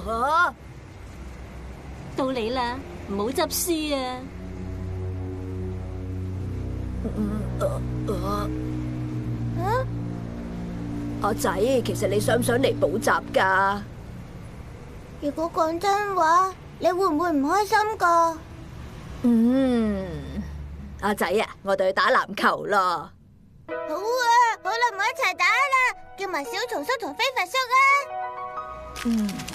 吓，到你啦，唔好執輸啊！嗯，啊，阿仔，其實你想唔想嚟補習噶？如果講真話，你會唔會唔開心噶？嗯，阿仔啊，我哋去打籃球咯！好啊，好耐冇一齊打啦，叫埋小松叔同飛快叔啊！嗯。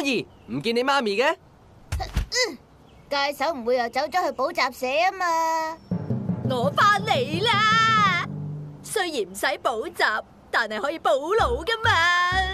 唔見你媽咪嘅，佳嬸唔會又走咗去補習社啊嘛？攞翻嚟啦！雖然唔使補習，但係可以補腦噶嘛。